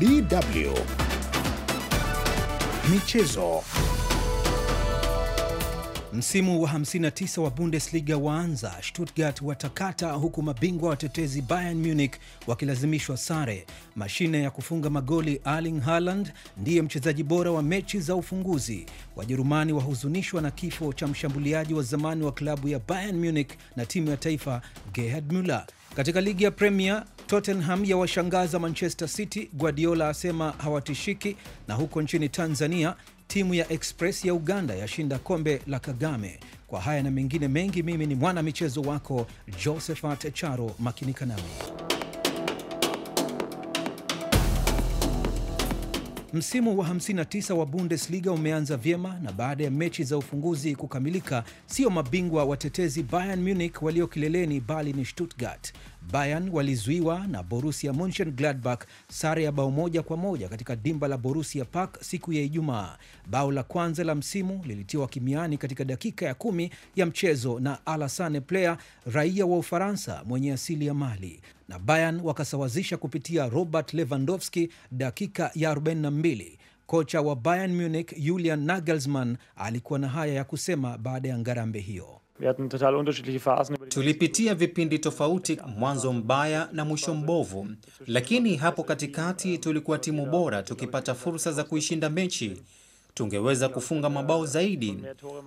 DW Michezo. Msimu wa 59 wa Bundesliga waanza, Stuttgart watakata huku mabingwa watetezi Bayern Munich wakilazimishwa sare. Mashine ya kufunga magoli Erling Haaland ndiye mchezaji bora wa mechi za ufunguzi. Wajerumani wahuzunishwa na kifo cha mshambuliaji wa zamani wa klabu ya Bayern Munich na timu ya taifa Gerhard Muller. Katika ligi ya Premier, Tottenham yawashangaza Manchester City, Guardiola asema hawatishiki. Na huko nchini Tanzania, timu ya Express ya Uganda yashinda kombe la Kagame. Kwa haya na mengine mengi, mimi ni mwana michezo wako Josephat Charo, makinika nami. Msimu wa 59 wa Bundesliga umeanza vyema na baada ya mechi za ufunguzi kukamilika, sio mabingwa watetezi Bayern Munich walio kileleni bali ni Stuttgart. Bayern walizuiwa na Borussia Mönchengladbach sare ya bao moja kwa moja katika dimba la Borussia Park siku ya Ijumaa. Bao la kwanza la msimu lilitiwa kimiani katika dakika ya kumi ya mchezo na Alassane Plea, raia wa Ufaransa mwenye asili ya Mali na Bayern wakasawazisha kupitia Robert Lewandowski dakika ya 42. Kocha wa Bayern Munich Julian Nagelsmann alikuwa na haya ya kusema baada ya ngarambe hiyo. Tulipitia vipindi tofauti, mwanzo mbaya na mwisho mbovu, lakini hapo katikati tulikuwa timu bora, tukipata fursa za kuishinda mechi tungeweza kufunga mabao zaidi.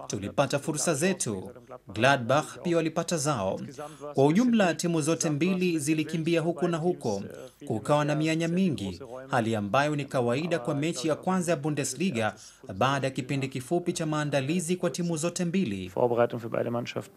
Tulipata fursa zetu. Gladbach pia walipata zao. Kwa ujumla, timu zote mbili zilikimbia huku na huko, kukawa na mianya mingi, hali ambayo ni kawaida kwa mechi ya kwanza ya Bundesliga baada ya kipindi kifupi cha maandalizi kwa timu zote mbili.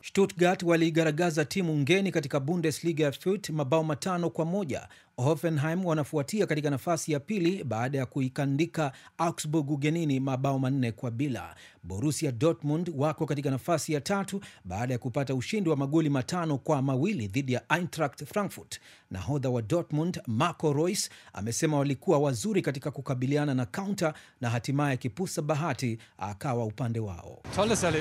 Stuttgart waliigaragaza timu ngeni katika Bundesliga ya Fürth mabao matano kwa moja Hoffenheim wanafuatia katika nafasi ya pili baada ya kuikandika Augsburg ugenini mabao manne kwa bila. Borussia Dortmund wako katika nafasi ya tatu baada ya kupata ushindi wa magoli matano kwa mawili dhidi ya Eintracht Frankfurt. Nahodha wa Dortmund Marco Reus amesema walikuwa wazuri katika kukabiliana na kaunta na hatimaye kipusa bahati akawa upande wao. Ähm,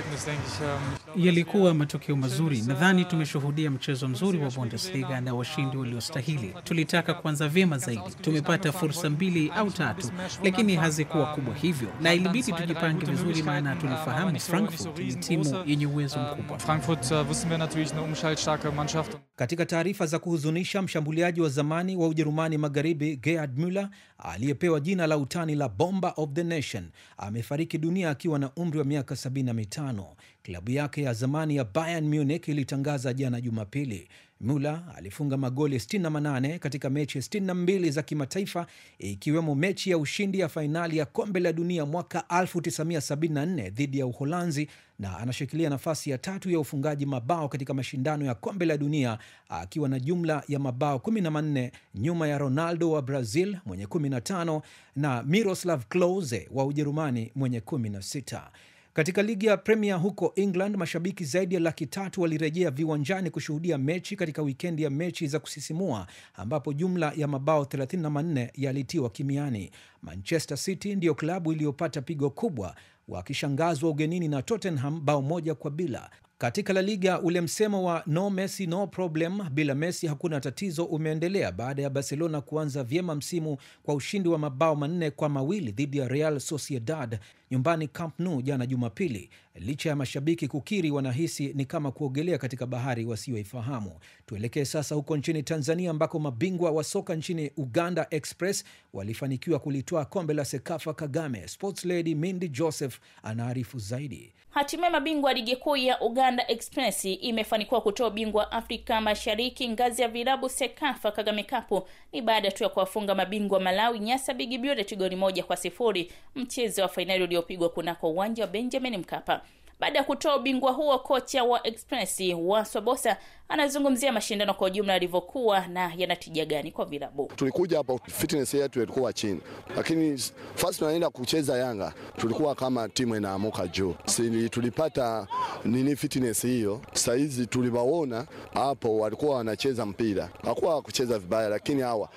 Yalikuwa matokeo mazuri, nadhani äh, tumeshuhudia mchezo mzuri wa Bundesliga na washindi waliostahili. Äh, Tulitaka kuanza vyema zaidi, tumepata fursa mbili au tatu, lakini hazikuwa kubwa ähm, hivyo, na ilibidi tujipange vizuri, maana tulifahamu äh, Frankfurt ni timu yenye uwezo mkubwa. Katika taarifa za kuhuzunisha, mshambuliaji wa zamani wa Ujerumani Magharibi Gerd Muller aliyepewa jina la utani la Bomba of the Nation amefariki dunia akiwa na umri wa miaka 75. Klabu yake ya zamani ya Bayern Munich ilitangaza jana Jumapili Mula alifunga magoli 68 katika mechi 62 za kimataifa ikiwemo mechi ya ushindi ya fainali ya kombe la dunia mwaka 1974 dhidi ya Uholanzi na anashikilia nafasi ya tatu ya ufungaji mabao katika mashindano ya kombe la dunia akiwa na jumla ya mabao 14 nyuma ya Ronaldo wa Brazil mwenye 15 na Miroslav Klose wa Ujerumani mwenye 16. Katika ligi ya Premier huko England, mashabiki zaidi ya laki tatu walirejea viwanjani kushuhudia mechi katika wikendi ya mechi za kusisimua ambapo jumla ya mabao 34 yalitiwa kimiani. Manchester City ndiyo klabu iliyopata pigo kubwa wakishangazwa ugenini na Tottenham bao moja kwa bila. Katika La Liga ule msemo wa no Messi no problem, bila Messi hakuna tatizo umeendelea baada ya Barcelona kuanza vyema msimu kwa ushindi wa mabao manne kwa mawili dhidi ya Real Sociedad nyumbani Camp Nou jana Jumapili, licha ya mashabiki kukiri wanahisi ni kama kuogelea katika bahari wasioifahamu. Tuelekee sasa huko nchini Tanzania ambako mabingwa wa soka nchini Uganda Express walifanikiwa kulitoa kombe la Sekafa Kagame. Sports lady Mindy Joseph anaarifu zaidi. Hatimaye mabingwa ligi kuu ya Uganda Uganda Express imefanikiwa kutoa ubingwa Afrika Mashariki ngazi ya vilabu Sekafa Kagame Cup ni baada tu ya kuwafunga mabingwa Malawi Nyasa Big Bullets tigoni moja kwa sifuri mchezo wa fainali uliopigwa kunako uwanja wa Benjamin Mkapa. Baada ya kutoa ubingwa huo, kocha wa Express wa sobosa anazungumzia mashindano kwa ujumla yalivyokuwa na yanatija gani kwa vilabu. Tulikuja hapa fitness yetu ilikuwa chini, lakini first tunaenda kucheza Yanga, tulikuwa kama timu inaamuka juu. Si tulipata nini fitness hiyo. Saizi tuliwaona hapo walikuwa wanacheza mpira, hakuwa kucheza vibaya, lakini hawa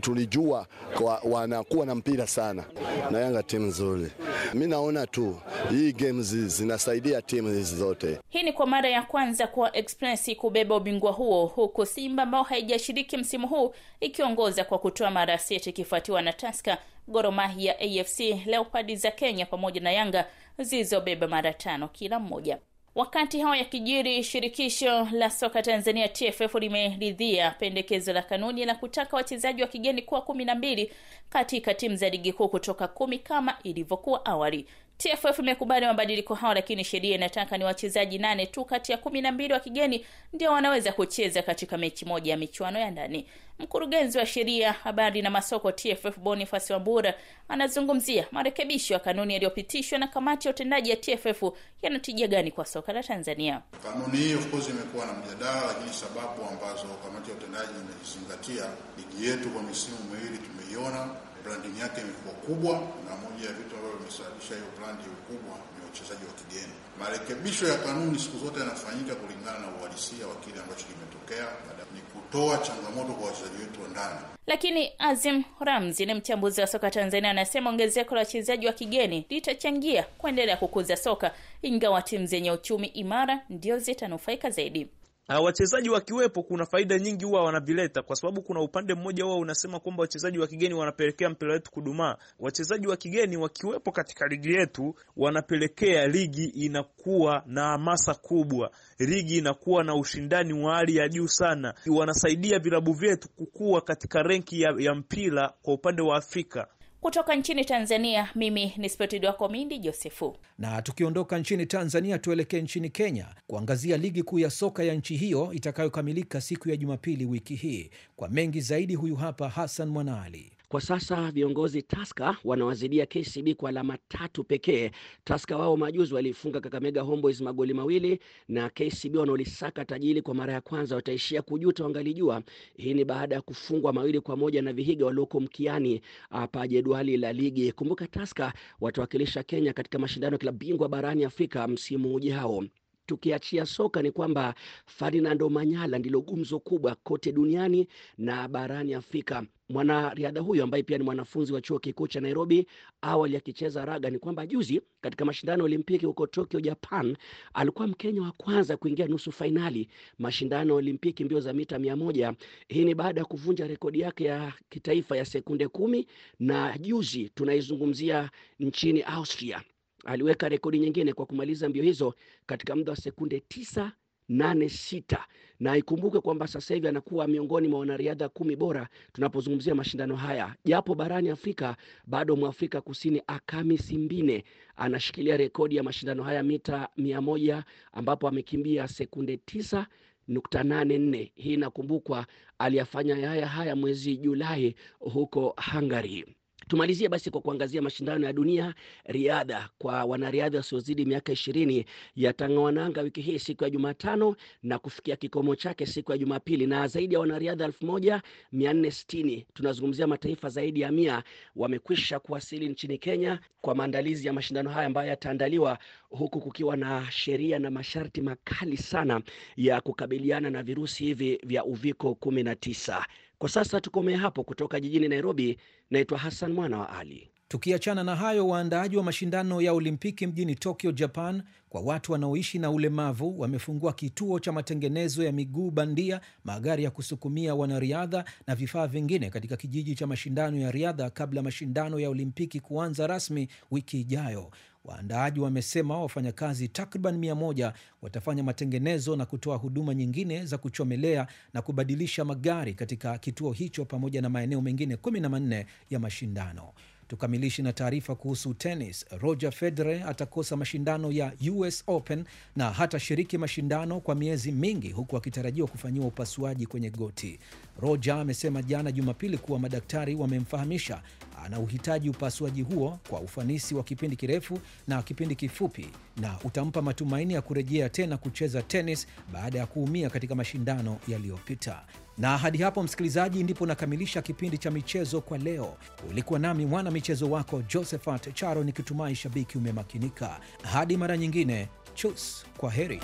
tulijua kwa, wanakuwa na mpira sana, na Yanga timu nzuri. Mi naona tu hii games zinasaidia kusaidia timu hizi zote. Hii ni kwa mara ya kwanza kwa Express kubeba ubingwa huo, huku Simba ambao haijashiriki msimu huu ikiongoza kwa kutoa mara sita ikifuatiwa na Taska, goromahi ya AFC Leopards za Kenya pamoja na Yanga zilizobeba mara tano kila mmoja. Wakati hao ya kijiri, shirikisho la soka Tanzania TFF limeridhia pendekezo la kanuni la kutaka wachezaji wa kigeni kuwa kumi na mbili katika timu za ligi kuu kutoka kumi kama ilivyokuwa awali. TFF imekubali mabadiliko hao lakini sheria inataka ni wachezaji nane tu kati ya kumi na mbili wa kigeni ndio wanaweza kucheza katika mechi moja ya michuano ya ndani. Mkurugenzi wa sheria, habari na masoko TFF Boniface Wambura anazungumzia marekebisho ya kanuni yaliyopitishwa na kamati ya utendaji ya TFF yanatija gani kwa soka la Tanzania. Kanuni hii of course imekuwa na mjadala, lakini sababu ambazo kamati ya utendaji imezingatia ligi yetu kwa misimu miwili tumeiona branding yake imekuwa kubwa, na moja ya vitu ambavyo vimesababisha hiyo brandi kubwa ni wachezaji wa kigeni. Marekebisho ya kanuni siku zote yanafanyika kulingana na uhalisia wa kile ambacho kimetokea, ni kutoa changamoto kwa wachezaji wetu wa ndani. Lakini Azim Ramzi ni mchambuzi wa soka Tanzania, anasema ongezeko la wachezaji wa kigeni litachangia kuendelea kukuza soka, ingawa timu zenye uchumi imara ndio zitanufaika zaidi. Ah, wachezaji wakiwepo kuna faida nyingi huwa wanavileta, kwa sababu kuna upande mmoja huwa unasema kwamba wachezaji wa kigeni wanapelekea mpira wetu kudumaa. Wachezaji wa kigeni wakiwepo katika ligi yetu wanapelekea ligi inakuwa na hamasa kubwa, ligi inakuwa na ushindani wa hali ya juu sana, wanasaidia vilabu vyetu kukua katika renki ya, ya mpira kwa upande wa Afrika. Kutoka nchini Tanzania, mimi ni Spotid wako Mindi Josefu. Na tukiondoka nchini Tanzania, tuelekee nchini Kenya kuangazia ligi kuu ya soka ya nchi hiyo itakayokamilika siku ya Jumapili wiki hii. Kwa mengi zaidi, huyu hapa Hassan Mwanaali. Kwa sasa viongozi Taska wanawazidia KCB kwa alama tatu pekee. Taska wao majuzi walifunga Kakamega Homeboys magoli mawili, na KCB wanaolisaka tajili kwa mara ya kwanza wataishia kujuta wangalijua. Hii ni baada ya kufungwa mawili kwa moja na Vihiga walioko mkiani hapa ah, jedwali la ligi. Kumbuka Taska watawakilisha Kenya katika mashindano ya klabu bingwa barani Afrika msimu ujao tukiachia soka ni kwamba Ferdinando Manyala ndilo gumzo kubwa kote duniani na barani Afrika. Mwanariadha huyo ambaye pia ni mwanafunzi wa chuo kikuu cha Nairobi, awali akicheza raga, ni kwamba juzi katika mashindano ya Olimpiki huko Tokyo, Japan, alikuwa Mkenya wa kwanza kuingia nusu fainali mashindano ya Olimpiki mbio za mita mia moja. Hii ni baada ya kuvunja rekodi yake ya kitaifa ya sekunde kumi, na juzi tunaizungumzia nchini Austria aliweka rekodi nyingine kwa kumaliza mbio hizo katika muda wa sekunde tisa nane sita na ikumbuke kwamba sasa hivi anakuwa miongoni mwa wanariadha kumi bora tunapozungumzia mashindano haya, japo barani Afrika bado Mwafrika Kusini Akami Simbine anashikilia rekodi ya mashindano haya mita mia moja ambapo amekimbia sekunde tisa nukta nane nne. Hii inakumbukwa aliyafanya haya haya mwezi Julai huko Hungary. Tumalizie basi kwa kuangazia mashindano ya dunia riadha kwa wanariadha wasiozidi miaka ishirini yatangawananga wiki hii siku ya Jumatano na kufikia kikomo chake siku ya Jumapili, na zaidi ya wanariadha elfu moja mia nne sitini tunazungumzia mataifa zaidi ya mia wamekwisha kuwasili nchini Kenya kwa maandalizi ya mashindano haya ambayo yataandaliwa huku kukiwa na sheria na masharti makali sana ya kukabiliana na virusi hivi vya uviko kumi na tisa. Kwa sasa tukomee hapo. Kutoka jijini Nairobi, naitwa Hassan Mwana wa Ali. Tukiachana na hayo, waandaaji wa mashindano ya Olimpiki mjini Tokyo, Japan, kwa watu wanaoishi na ulemavu wamefungua kituo cha matengenezo ya miguu bandia, magari ya kusukumia wanariadha na vifaa vingine katika kijiji cha mashindano ya riadha kabla mashindano ya Olimpiki kuanza rasmi wiki ijayo. Waandaaji wamesema wafanyakazi takriban mia moja watafanya matengenezo na kutoa huduma nyingine za kuchomelea na kubadilisha magari katika kituo hicho pamoja na maeneo mengine kumi na manne ya mashindano. Tukamilishi na taarifa kuhusu tenis. Roger Federer atakosa mashindano ya US Open na hatashiriki mashindano kwa miezi mingi, huku akitarajiwa kufanyiwa upasuaji kwenye goti. Roja amesema jana Jumapili kuwa madaktari wamemfahamisha ana uhitaji upasuaji huo kwa ufanisi wa kipindi kirefu na kipindi kifupi na utampa matumaini ya kurejea tena kucheza tenis baada ya kuumia katika mashindano yaliyopita. Na hadi hapo, msikilizaji, ndipo nakamilisha kipindi cha michezo kwa leo. Ulikuwa nami mwana michezo wako Josephat Charo, nikitumai shabiki umemakinika. Hadi mara nyingine, chus, kwa heri.